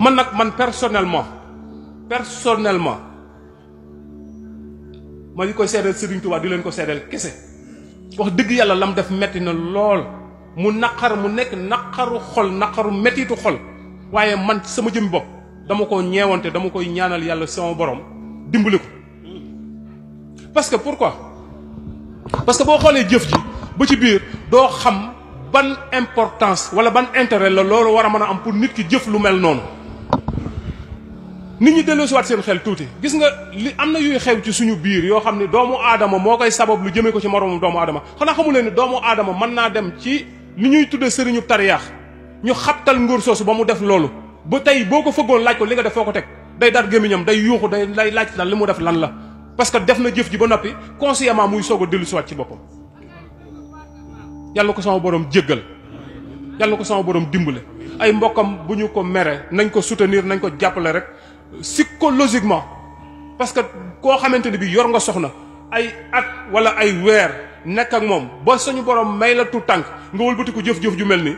man man personnellement personnellement ma di koy sédel Serigne Touba di len ko sédel kessé wax deug yalla lam def metti na lol, mu n'akar mu n'akaru xol metti tu xol waye man sama dama ko dama koy ñaanal sama parce que pourquoi parce que dit xolé jëf ji ba ci bir ban importance wala ban intérêt la loolu war a am pour nit ki jëf lu mel non nit ñi delloo ci wat seen xel tuuti gis nga li amna yu xew ci suñu biir yo xamni doomu adama mo koy sabab lu jëme ko ci morom doomu adama xana xamu ni doomu adama mën naa dem ci li ñuy tudde sëriñu tariyaax ñu xaptal nguur soso ba mu def loolu ba tay boko ko fëggoon laaj ko li nga def foko tek teg day dar gémmiñam day yuuxu day lay laaj lan li def lan la parce que def na jëf ji ba noppi consciemment muy sogo a ci wat ci boppam yàlla ko sama borom djegal yàlla ko sama borom dimbalé ay mbokam buñu ko méré nañ ko soutenir nañ ko jàppale rek psychologiquement parce que ko xamanteni bi yor nga soxna ay at wala ay wèr nekk ak mom ba suñu borom may la tout tank nga wëlbati ko jëf-jëf ju melni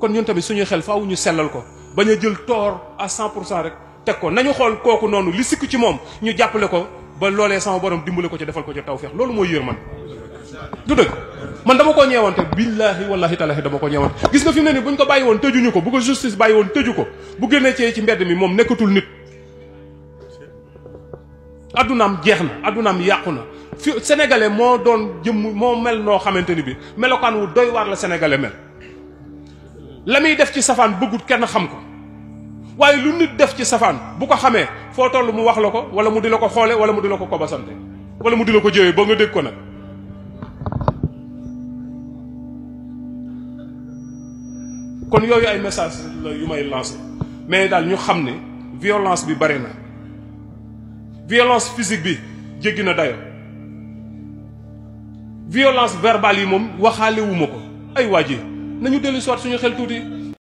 kon ñun tamit suñu xel faawu ñu sellal ko baña a jël tort à 100% rek teg ko nañu xol koku nonu li sikk ci mom ñu jàppale ko ba lolé sama borom dimbale ko ci defal ko ci tawfiq tawfeex moy yeur man du dëgg man dama ko ñeewante billahi wallahi talahi dama ko ñeewante gis nga fi mu ne ni buñ ko bàyyi woon tëjuñu ko bu ko justice bàyyi woon tëju ko bu génnee cee ci mbedd mi moom nekkatul nit addunaam jeex na addunaam yàqu na fi sénégalais moo doon jëmm moo mel noo xamante ni bi melokaan wu doy waar la sénégalais mel la muy def ci safaan bëggut kenn xam ko waaye lu nit def ci safaan bu ko xamee foo tollu mu wax la ko wala mu di la ko xoole wala mu di la ko kobasante wala mu di ko jëwee ba nga dégg ko nag kon yooyu ay message la yu may lancé mais daal ñu xam ne violence bi bari na violence physique bi jéggi na dayo violence verbale yi moom waxaale wu ma ko ay waa ji nañu dellu si suñu xel tuuti